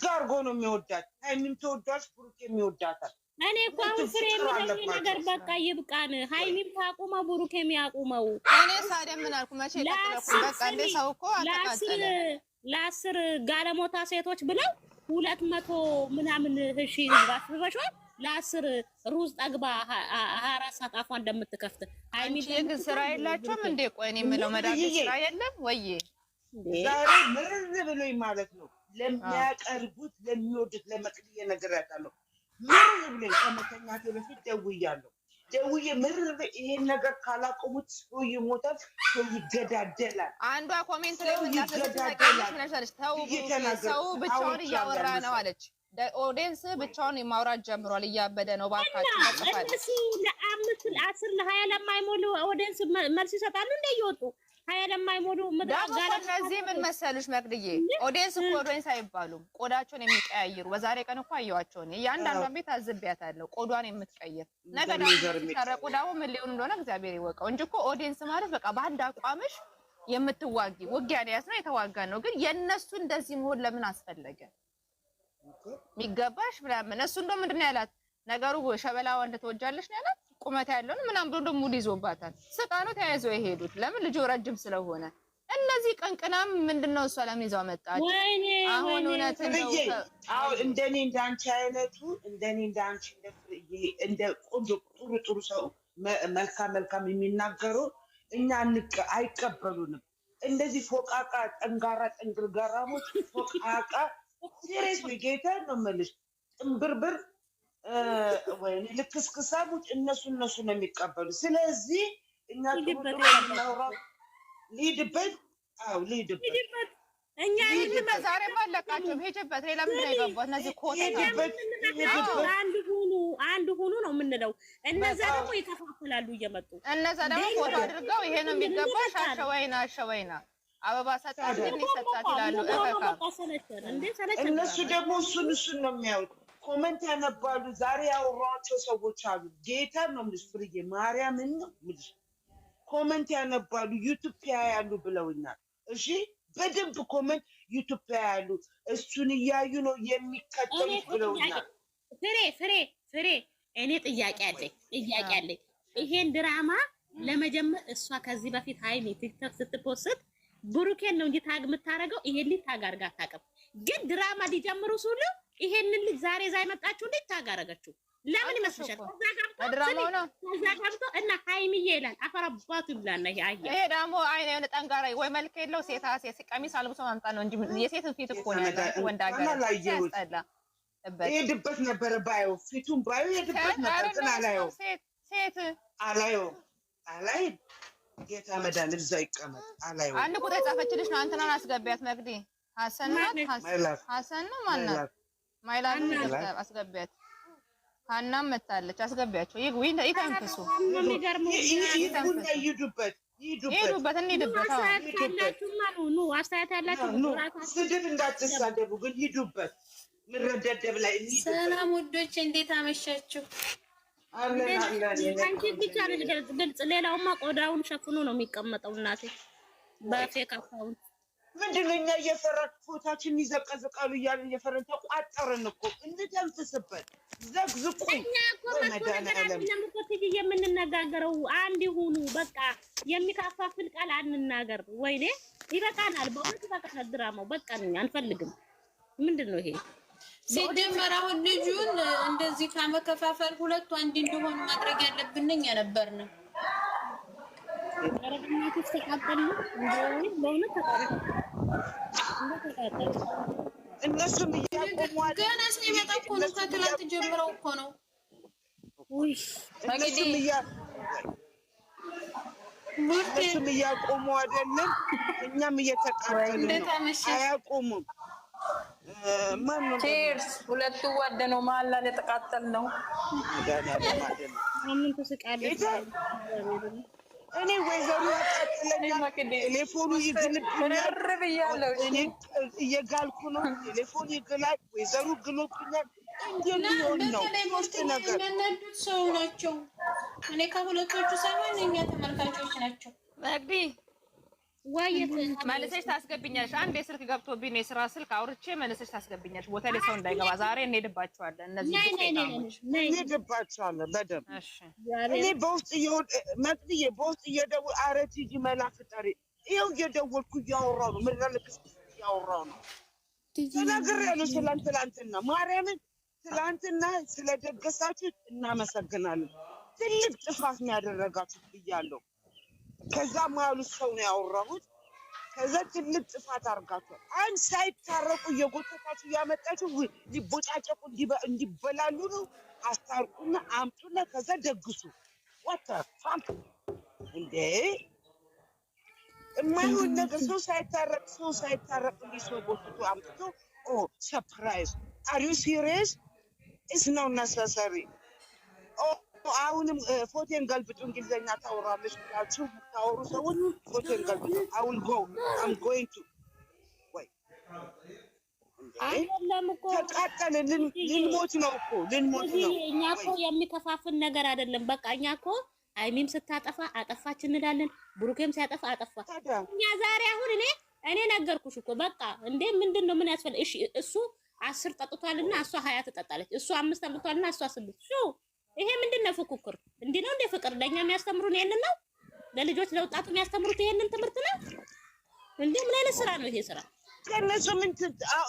ጥግ አድርጎ ነው የሚወዳት። ሀይሚም ተወዷች፣ ብሩኬም ይወዳታል። እኔ እኮ አሁን ፍሬ የሚለኝ ነገር በቃ ይብቃን። ሀይሚም ታቁመው፣ ብሩኬም ያቁመው። እኔ ሳደምን አልኩ መቼ ቀጥለኩ። በቃ እንደ ሰው እኮ አተቃጠለ ለአስር ጋለሞታ ሴቶች ብለው ሁለት መቶ ምናምን እሺ ባስበሸል ለአስር ሩዝ ጠግባ ሀያ አራት ሰዓት አፏ እንደምትከፍት ግን ስራ የላቸውም እንዴ? ቆይ እኔ የምለው መድኃኒት ስራ የለም ወይ ዛሬ ምርዝ ብሎኝ ማለት ነው ለሚያቀርቡት ለሚወዱት ለመቅድዬ ነግሬያታለሁ። ምር ብለኝ ከመተኛቴ በፊት ደውያለሁ። ደውዬ ምር ይሄን ነገር ካላቆሙት ሰው ይሞታል፣ ሰው ይገዳደላል። አንዷ ኮሜንት ላይ ሰው ብቻውን እያወራ ነው አለች። ኦዲየንስ ብቻውን ማውራት ጀምሯል። እያበደ ነው። እባካችሁ ለአምስት ለአስር ለሀያ ለማይሞሉ ኦዲየንስ መልስ ይሰጣሉ እንደ እየወጡ ሀያ ለማይሞሉ እነዚህ ምን መሰሉሽ መቅድዬ ኦዲየንስ እኮ ኦዲየንስ አይባሉም፣ ቆዳቸውን የሚቀያይሩ በዛሬ ቀን እኮ አየዋቸውን። እያንዳንዷን ቤት አዝቤያታለሁ፣ ቆዷን የምትቀይር ነገ ሲታረቁ ደግሞ ምን ሊሆን እንደሆነ እግዚአብሔር ይወቀው እንጂ እኮ ኦዲየንስ ማለት በቃ በአንድ አቋምሽ የምትዋጊ የተዋጋ ነው። ግን የእነሱ እንደዚህ መሆን ለምን አስፈለገ? የሚገባሽ ምናምን እሱ እንደው ምንድን ነው ያላት ነገሩ ሸበላ ወንድ ትወጃለሽ ነው ያላት። ቁመት ያለውን ምናምን ብሎ ደግሞ ሙድ ይዞባታል። ስቃ ነው ተያይዘው የሄዱት። ለምን ልጁ ረጅም ስለሆነ እነዚህ ቀንቅናም ምንድነው እሷ ይዘው መጣች። አሁን እውነት ነው። እንደኔ እንዳንቺ አይነቱ እንደኔ እንዳንቺ እንደ ቆንጆ ጥሩ ጥሩ ሰው መልካም መልካም የሚናገሩ እኛ ንቅ አይቀበሉንም። እንደዚህ ፎቃቃ ጠንጋራ ጥንግርጋራሞች ፎቃቃ ሴሬስ ጌታ ነው የምልሽ ጥንብርብር ወይኔ ልክስክሳ ቡጭ እነሱ እነሱ ነው የሚቀበሉ። ስለዚህ እኛ ሊድበት አዎ ሊድበት እኛ ሂድበት፣ ዛሬማ አለቃቸው ሂድበት። ሌላ እነዚህ አንድ ሁኑ አንድ ሁኑ ነው የምንለው። እነዛ ደግሞ ይከፋፍላሉ እየመጡ እነዛ ደግሞ ኮታ አድርገው ይሄ ነው የሚገባሽ፣ አሸወይና አሸወይና አበባ ሰጣ ምን ይሰጣት ይላሉ። እነሱ ደግሞ እሱን እሱን ነው የሚያውቁ ኮመንት ያነባሉ። ዛሬ ያወራኋቸው ሰዎች አሉ። ጌታ ነው የምልሽ ፍርዬ ማርያምን ነው የምልሽ። ኮመንት ያነባሉ ዩቱፕያ ያሉ ብለውኛል። እሺ በደንብ ኮመንት ዩቱፕያ ያሉ እሱን እያዩ ነው የሚከተሉት ብለውኛል። ፍሬ ፍሬ ፍሬ እኔ ጥያቄ አለኝ ጥያቄ አለኝ። ይሄን ድራማ ለመጀመር እሷ ከዚህ በፊት ሀይሚ ቲክቶክ ስትፖስት ብሩኬን ነው እንጂ ታግ የምታደርገው ይሄን ሊታግ አድርጋ አታውቅም። ግን ድራማ ሊጀምሩ ሱሉ ይሄንን ልጅ ዛሬ ዛ የመጣችሁ ልጅ ታጋረገችው ለምን ይመስልሻል? እዛ ገብቶ እና ሀይሚዬ ይላል። አባቱ ይብላና ይሄ አያ ይሄ ደግሞ አይነ የሆነ ጠንጋራ ወይ መልክ የለው ሴት ሴት ቀሚስ አልብሶ ማምጣ ነው እንጂ የሴትን ፊት እኮ ነው ያለው። ወንድ ሀገር ያስጠላ። ይሄ ድበት ነበረ ባዩ ፊቱም ባዩ የድበት ነበር ግን አላየው ሴት አላየው አላይ ጌታ መዳን እዛ ይቀመጥ አላየው። አንድ ቁጥር የጻፈችልሽ ነው አንተናን አስገቢያት መግዲ ሀሰን ነው ሀሰን ነው ማናት ማይላን አስገቢያት። ሀናም መታለች። አስገቢያቸው። ይተንፍሱ፣ ይሂዱበት፣ እንሂድበት። ስድብ እንዳትሳደቡ ግን ይሂዱበት። ምን ላይ ሰላም ውዶች፣ እንዴት አመሻችሁ? አንቺ ብቻ ነሽ ግልጽ፣ ሌላውማ ቆዳውን ሸፍኖ ነው የሚቀመጠው እናቴ በፌክ አካውንት ምንድን ነው እኛ እየፈራን ፎታችን ይዘቀዝቃሉ እያልን እየፈራን ተቋጠርን እኮ እንደምትስበት ዘግዝቁኝ በመድኃኒዓለም የምንነጋገረው አንድ ሁኑ በቃ የሚካፋፍል ቃል አንናገር ወይኔ ይበቃናል በእውነት ይበቃናል ድራማው በቃ አንፈልግም ምንድን ነው ይሄ ሲጀመር አሁን ልጁን እንደዚህ ከመከፋፈል ሁለቱ አንድ እንዲሆኑ ማድረግ ያለብንኝ የነበር ነው። ተቃጠሉ እኛ ነበርን ነው እነሱም ገና ስኔ እያቆሙ አይደለም፣ እኛም እየተቃጠልን ነው። አያቆሙም። ቼርስ ሁለቱ ዋደ ነው መሀል ላይ የተቃጠል ነው። እኔ ወይዘሮ ያቃጥለኛል፣ ቴሌፎኑ ይግልብኛል፣ እኔ እየጋልኩ ነው፣ ቴሌፎኑ ይግላል፣ ወይዘሮ ግሎብኛል። እንደሚሆን ነው ሰው ናቸው። እኔ ከሁለቶቹ ሳይሆን እኛ ተመልካቾች ናቸው መልሰሽ ታስገብኛለሽ። አንድ የስልክ ገብቶብኝ ነው የስራ ስልክ አውርቼ መልሰሽ ታስገብኛለሽ። ቦታ ላይ ሰው እንዳይገባ ዛሬ እንሄድባቸዋለን። እነዚህ እንሄድባቸዋለን በደምብ እኔ በውስጥ መጥዬ በውስጥ እየደው ኧረ ቲጂ መላ ጠሪ ይኸው እየደወልኩ እያወራሁ ነው። ምን ልክስ እያወራሁ ነው። ተናግሬያለሁ። ስለ ትላንትና ማርያምን ትላንትና ስለደገሳችሁ እናመሰግናለን። ትልቅ ጥፋት ነው ያደረጋችሁት ብያለሁ። ከዛ ማሉ ሰው ነው ያወራሁት። ከዛ ትልቅ ጥፋት አርጋቸው አንድ ሳይታረቁ እየጎተታችሁ እያመጣችሁ ሊቦጫጨቁ እንዲበላሉ ነው። አስታርቁና አምጡና ከዛ ደግሱ። ዋተፋምፕ እንዴ የማይሆን ነገር ሰው ሳይታረቅ ሰው ሳይታረቅ እንዲ ሰው ጎትቶ አምጥቶ ኦ ሰፕራይዝ አር ዩ ሲሪየስ? ኢዝ ናው ነሰሰሪ አሁንም ፎቴን ገልብጡ፣ እንግሊዝኛ ታወራለች ብላችሁ ታወሩ ሰውን ፎቴን ገልብጡ። አሁን ጎ አም ጎይን ቱ ወይ አይደለም እኮ ተቃጠልን፣ ልንሞት ነው እኮ ልንሞት ነው። እኛ እኮ የሚከፋፍን ነገር አይደለም። በቃ እኛ እኮ አይሚም ስታጠፋ አጠፋች እንላለን፣ ብሩኬም ሲያጠፋ አጠፋ። እኛ ዛሬ አሁን እኔ እኔ ነገርኩሽ እኮ በቃ እንዴ፣ ምንድን ነው ምን ያስፈልግ? እሱ አስር ጠጥቷልና እሷ ሀያ ትጠጣለች። እሱ አምስት ጠጥቷልና እሷ ስምንት ይሄ ምንድን ነው? ፉክክር እንዲህ ነው እንደ ፍቅር ለእኛ የሚያስተምሩን ይሄንን ነው። ለልጆች ለወጣቱ የሚያስተምሩት ይሄንን ትምህርት ነው። እንዲህ ምን አይነት ስራ ነው ይሄ ስራ? ከነሱ ምን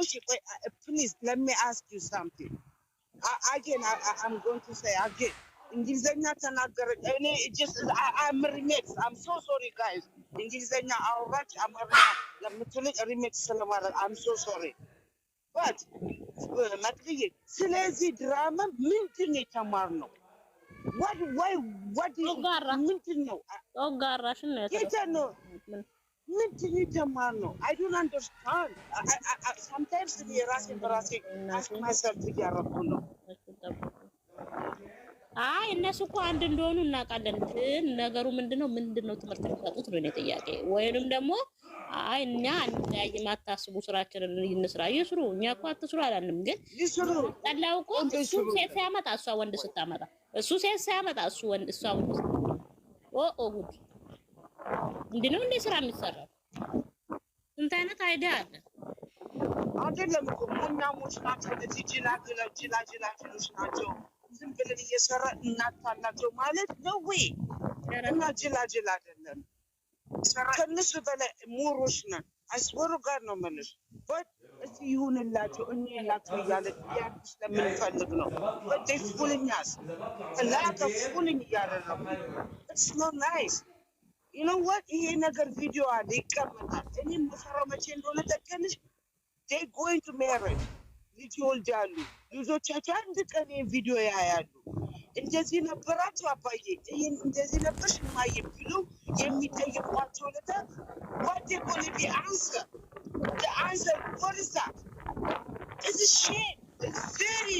እሺ፣ ቆይ ፕሊዝ ሌት ሚ አስክ ዩ ሳምቲንግ አጌን አም ጎን ቱ ሳይ አጌን እንግሊዘኛ ተናገረ። እኔ ጀስት አም ሪሜክስ አም ሶ ሶሪ ጋይስ እንግሊዘኛ አውራች አማርኛ ለምትልኝ ሪሜክስ ስለማድረግ አም ሶ ሶሪ ባት መቅድዬ፣ ስለዚህ ድራማ ምንድን ነው የተማርነው? ምንድን ነው ምንድን ነው የተማርነው? አይ ዶንት አንደርስታንድ ሳምታይምስ በራሴ እያረኩ ነው። አይ እነሱ እኮ አንድ እንደሆኑ እናውቃለን፣ ግን ነገሩ ምንድነው ምንድነው ትምህርት የሚሰጡት ነው ጥያቄ ወይንም ደግሞ አይ እኛ አንለያይም፣ አታስቡ፣ ስራችንን እንስራ። ይስሩ፣ እኛ እኮ አትስሩ አላልንም። ግን ጠላው እኮ እሱ ሴት ሲያመጣ እሷ ወንድ ስታመጣ፣ እሱ ሴት ሲያመጣ እሱ ወንድ እሷ ወንድ ኦ ኦ ጉድ! እንዲህ ነው እንዴ ስራ የሚሰራው። ስንት አይነት አይዲያ አለ። አይደለም እኮ ቡናሞች ናቸው፣ እዚህ ጅላ ጅላ ጅላ ጅላጅላጅሎች ናቸው። ዝም ብለን እየሰራ እናታላቸው ማለት ነው ወይ? እና ጅላ ጅላ አይደለም ከእነሱ በላይ ሙሮች ነን። አስወሩ ጋር ነው መልሽ እዚ ይሁንላቸው እኔ ላቸው እያለ ጥያቄ ለምንፈልግ ነው። በደ ፉልኛስ ላከ ፉልኝ እያደረጉ ኢትስ ኖት ናይስ ይነወት ይሄ ነገር ቪዲዮ አለ ይቀመጣል። እኔ መሰራው መቼ እንደሆነ ጠቀንሽ ዴይ ጎይንግ ቱ ሜሬጅ ልጅ ይወልዳሉ። ልጆቻቸው አንድ ቀን ይህን ቪዲዮ ያያሉ። እንደዚህ ነበራችሁ አባዬ፣ እንደዚህ ነበርሽ እማዬ ብሎ የሚጠይቋቸው ነገር ዋት ኮን ቢ አንሰር አንሰር ወርዛት እዚ ሼም ቬሪ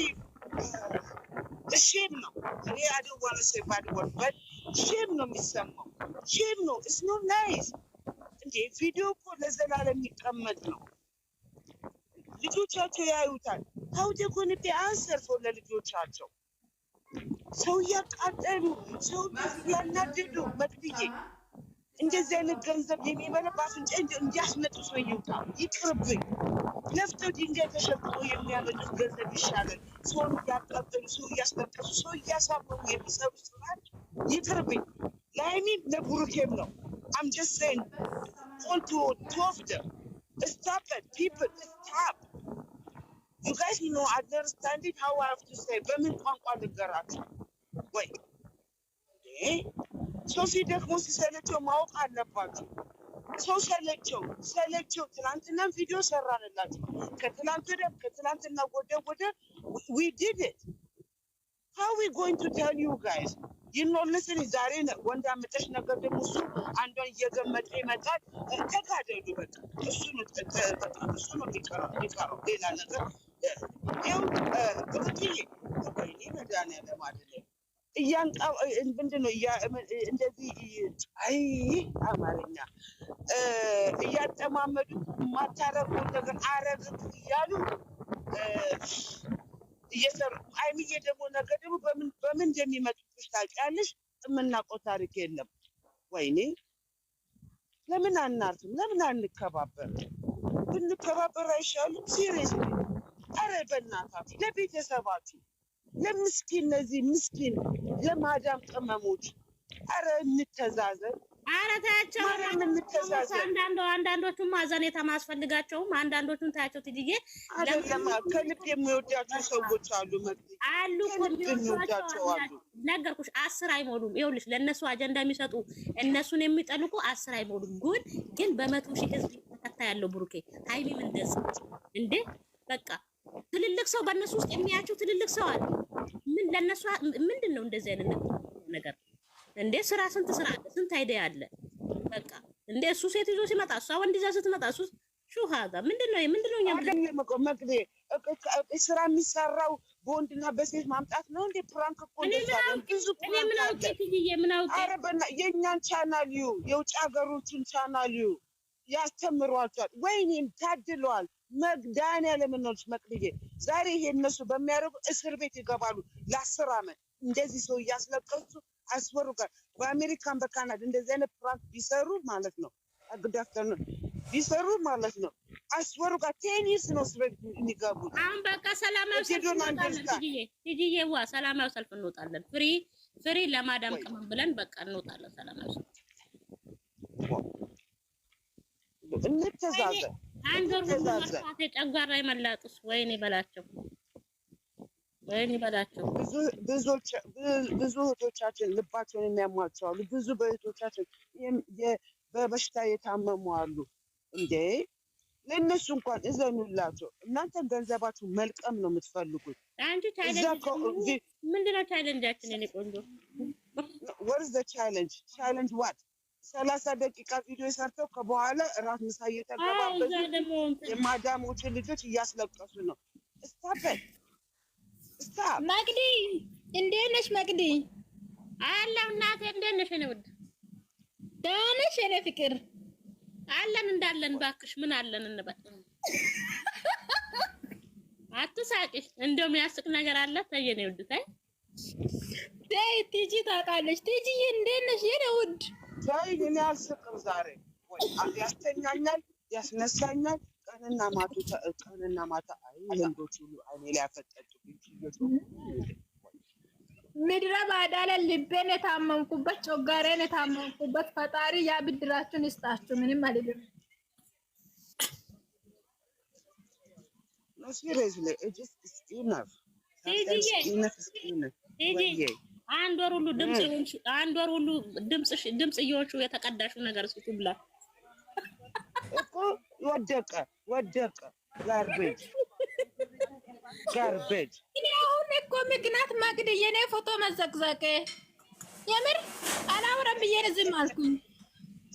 ሼም ነው። እኔ አደዋነ ሰው ባድወር በት ሼም ነው የሚሰማው ሼም ነው። እስ ኖ ናይስ እንዴ! ቪዲዮ እኮ ለዘላለም የሚቀመጥ ነው። ልጆቻቸው ያዩታል። ሀውቴ ኮን ቢ አንሰር ፎር ለልጆቻቸው ሰው እያቃጠሉ ሰው እያናደዱ መድብዬ እንደዚህ አይነት ገንዘብ የሚበላ በአፍንጫ እንዲያስመጡ ሰው ይውጣ፣ ይቅርብኝ። ለፍቶ ድንጋይ ተሸክሞ የሚያመጡት ገንዘብ ይሻላል። ሰውን እያቃጠሉ ሰው እያስመጠሱ ሰው እያሳበሩ የሚሰሩ ስራል ይቅርብኝ። ለአይኒም ለቡሩኬም ነው። አምጀሰን ኦንቶ ቶፍደ ስታፐድ ፒፕል ስታፕ ዩጋይስ ኖ አንደርስታንዲንግ ሀዋፍቱ ሳይ በምን ቋንቋ ልገራቸው ወይ ሰው ሲደክሞ ሲሰለቸው ማወቅ አለባቸው። ሰው ሰለቸው ሰለቸው። ትናንትናም ቪዲዮ ሰራንላቸው። ከትናንት ወደ ከትናንትና ወደ ወደ ዊ ዲድ ኢት ሃው ዊ ጎይንግ ቱ ቴል ዩ ጋይስ ይኖልስን ዛሬ ወንድ አመጣሽ ነገር ደግሞ እሱ አንዷን እየገመጠ ይመጣል። ተጋደሉ በቃ እሱ እሱ ነው የሚቀረው ሌላ ነገር ይኸው ሩትዬ በቃ መድኃኒዓለም አይደለም እያንጣ ምንድን ነው እንደዚህ አይ አማርኛ እያጠማመዱ ማታረቁን ነገር አረግቁ እያሉ እየሰሩ አይምዬ ደግሞ ነገር ደግሞ በምን እንደሚመጡብሽ ታውቂያለሽ። የምናውቀው ታሪክ የለም። ወይኔ ለምን አናርፍም? ለምን አንከባበር? ብንከባበር አይሻልም? ሲሪየስሊ አረ በእናታችሁ ለቤተሰባችሁ ለምስኪን ለዚህ ምስኪን ለማዳም ቅመሞች፣ አረ እንተዛዘን። አረ ታያቸው አንዳንዶ አንዳንዶቹም አዘኔታ ማስፈልጋቸውም አንዳንዶቹን ታያቸው ትድዬ ከልብ የሚወዳቸው ሰዎች አሉ አሉ የሚወዳቸው ነገርኩሽ፣ አስር አይሞሉም። ይኸውልሽ ለእነሱ አጀንዳ የሚሰጡ እነሱን የሚጠልቁ አስር አይሞሉም። ጉን ግን በመቶ ሺህ ህዝብ ተከታይ ያለው ብሩኬ ሀይሚም እንደዚህ እንዴ በቃ ትልልቅ ሰው በእነሱ ውስጥ የሚያቸው ትልልቅ ሰው አለ። ምን ለእነሱ ምንድን ነው እንደዚህ አይነት ነገር እንዴ? ስራ ስንት ስራ አለ፣ ስንት አይዲያ አለ። በቃ እንዴ እሱ ሴት ይዞ ሲመጣ እሷ ወንድ ይዛ ስትመጣ እሱ ሹሃጋ ምንድን ነው ምንድን ነው? ስራ የሚሰራው በወንድና በሴት ማምጣት ነው እንዴ? ፕራንክ እኮ እኔ ምን ምን የእኛን ቻናል ዩ የውጭ ሀገሮችን ቻናል ዩ ያስተምሯቸዋል። ወይኔም ታድሏል መድኃኒዓለም እናልሽ መቅድዬ ዛሬ ይሄ እነሱ በሚያደርጉ እስር ቤት ይገባሉ ለአስር አመት እንደዚህ ሰው እያስለቀሱ አስወሩጋል። በአሜሪካን በካናዳ እንደዚህ አይነት ፕራንክ ቢሰሩ ማለት ነው አግዳፍተን ቢሰሩ ማለት ነው አስወሩጋ ቴኒስ ነው እስር ቤት የሚገቡ አሁን በቃ ሰላማዊ ሰልፍ እንወጣለን። ዋ ሰላማዊ ሰልፍ እንወጣለን። ፍሪ ፍሪ ለማዳም ቅመም ብለን በቃ እንወጣለን ሰላማዊ ሰልፍ እንተዛዘ አንገር ሁሉ መርሳት የጨጓራ የመላጡስ ወይኔ በላቸው ወይኔ በላቸው። ብዙ እህቶቻችን ልባቸውን የሚያሟቸው አሉ። ብዙ በእህቶቻችን በበሽታ የታመሙ አሉ። እንዴ ለእነሱ እንኳን እዘኑላቸው። እናንተ ገንዘባችሁ መልቀም ነው የምትፈልጉት። ምንድነው ቻለንጃችን? የኔ ቆንጆ ወርዝ ቻለንጅ ቻለንጅ ዋት ሰላሳ ደቂቃ ቪዲዮ ሰርተው ከበኋላ እራት ምሳ እየተገባበዙ የማዳሞች ልጆች እያስለቀሱ ነው። እስታበል እስታ መቅዲ እንዴት ነሽ? መቅዲ አለሁ እናቴ፣ እንዴት ነሽ? እኔ ውድ ደህና ነሽ? እኔ ፍቅር አለን እንዳለን ባክሽ፣ ምን አለን እንበል። አትሳቂ፣ እንደው የሚያስቅ ነገር አለ። ተይ የኔ ውድ ተይ፣ ቲጂ ታውቃለች። ቲጂ እንዴት ነሽ? የኔ ውድ ዛሬ እኔ አልስቅም። ዛሬ ወይ ያስተኛኛል፣ ያስነሳኛል ቀንና ማቱ ቀንና ማታ። አይ ወንዶች ሁሉ እኔ ላይ ያፈጠጡብኝ ምድረ ባዳ ላይ ልቤን የታመምኩበት ጮጋሬን የታመምኩበት ፈጣሪ ያ ብድራችሁን ይስጣችሁ። ምንም አልልም። ኖ ሲሪየስሊ ኢትስ ኢነፍ ኢትስ ኢነፍ አንድ ወር ሁሉ ድምጽ ይሁንሽ፣ አንድ ወር ሁሉ ድምጽሽ ድምጽ ይሁንሽ። የተቀዳሹ ነገር ሱቱ ብላ እኮ ወደቀ ወደቀ። ጋርቤጅ ጋርቤጅ። እኔ አሁን እኮ ምክንያት ማግደ የኔ ፎቶ መዘቅዘቀ የምር አላወራም ብዬ ዝም አልኩኝ።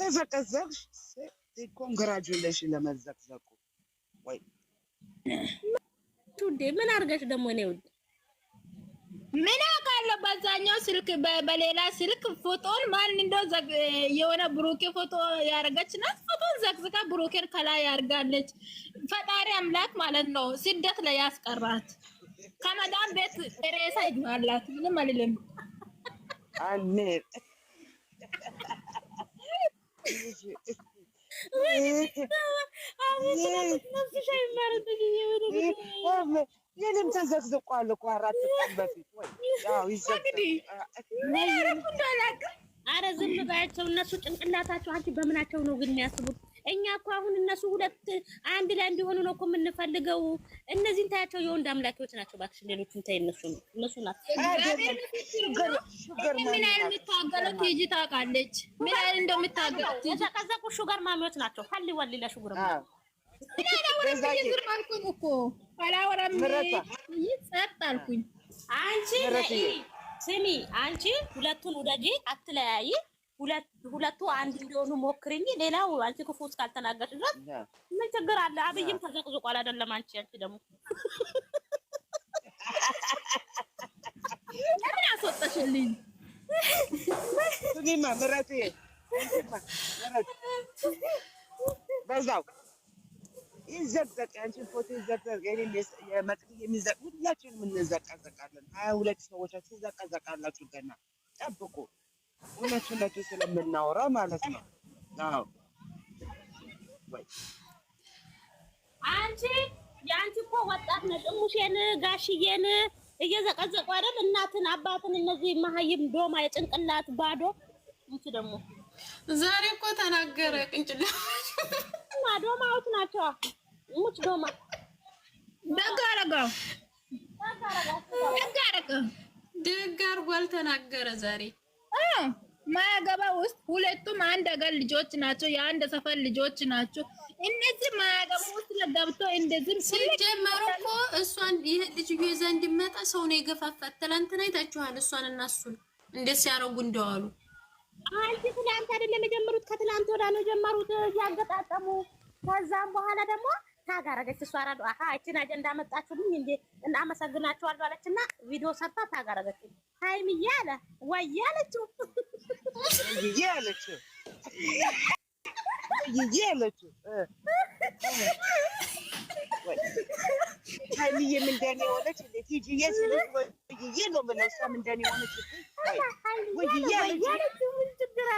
ተዘቀዘቅሽ። ኮንግራጁሌሽን ለመዘቅዘቁ ወይ ቱዴ ምን አድርገሽ ደግሞ እኔ ውድ ምን አውቃለሁ። በአብዛኛው ስልክ በሌላ ስልክ ፎቶን ማን እንደ የሆነ ብሩኬ ፎቶ ያደረገች ናት። ፎቶን ዘግዝጋ ብሩኬን ከላይ ያርጋለች። ፈጣሪ አምላክ ማለት ነው ስደት ላይ ያስቀራት። ከመዳም ቤት ሬሳ ይግባላት። ምንም አልልም። አሜን ወይ የኔም ተዘግዝቋል እኮ አራት ቀን በፊት አረ ዝም ባያቸው እነሱ ጭንቅላታቸው አንቺ በምናቸው ነው ግን የሚያስቡት? እኛ እኮ አሁን እነሱ ሁለት አንድ ላይ እንዲሆኑ ነው እኮ የምንፈልገው። እነዚህን ታያቸው የወንድ አምላኪዎች ናቸው። እባክሽ ሌሎችን ታይ። እነሱ እነሱ ናቸው ምን ያህል የምታገለው ቲጂ ታውቃለች። ምን ያህል እንደምታገለው የተቀዘቁ ሹገር ማሚዎች ናቸው። ሀሊ ወሊ ለሹጉር ማ አላወራም ብዬ ዝም አልኩኝ እኮ አላወራም ብዬ ጸጥ አልኩኝ። አንቺ ስሚ፣ አንቺ ሁለቱን ውደጂ፣ አትለያይ። ሁለቱ አንድ እንዲሆኑ ሞክሪኝ። ሌላው አንቺ ክፉ እስካልተናገርሽ ድረስ ምን ችግር አለ? አብይም ተዘቅዝቋል አይደለም? አንቺ አንቺ ደግሞ ለምን አስወጣሽልኝ? ስሚማ ምረጥ በዛው ይዘቅዘቅ ያንቺን ፎቶ ይዘቅዘቅ፣ መቅዲ የሚዘቅ ሁላችንም እንዘቀዘቃለን። ሀያ ሁለት ሰዎቻችሁ ትዘቀዘቃላችሁ። ገና ጠብቁ። እውነት እውነቱ ስለምናወራ ማለት ነው። አዎ አንቺ የአንቺ እኮ ወጣት ነሽ። እሙሼን ጋሽዬን እየዘቀዘቁ አይደል? እናትን አባትን፣ እነዚህ መሀይም ዶማ የጭንቅላት ባዶ። አንቺ ደግሞ ዛሬ እኮ ተናገረ ቅንጭላ ዶማ ዶማዎች ናቸው። ሙች ዶማ ደግ አደረገው ደግ አደረገው ደግ አድርጎ አልተናገረ ዛሬ ማያገባ ውስጥ ሁለቱም አንድ አገር ልጆች ናቸው። የአንድ ሰፈር ልጆች ናቸው። እነዚህ ማያገባ ውስጥ ለገብቶ እንደዚህ ሲጀመሩ እኮ እሷን ይሄ ልጅ ይዘን እንዲመጣ ሰው ነው የገፋፋት። ትላንትና አይታችኋል። እሷን እና እሱን እንደ ሲያረጉ እንደዋሉ አንቺ ትላንት አይደለም የጀመሩት፣ ከትላንት ወዳ ነው የጀመሩት እያገጣጠሙ። ከዛም በኋላ ደግሞ ታጋረገች እሷ ራዶ አሃ እቺን አጀንዳ መጣችሁልኝ እንዴ እና አመሰግናችኋለሁ አለችና ቪዲዮ ሰርታ ታጋረገች። ሃይም አለ ወይ ያለችው ሀይሚዬ አለችው። ሀይሚዬ ምንደን የሆነች ነው የምለው። እሷ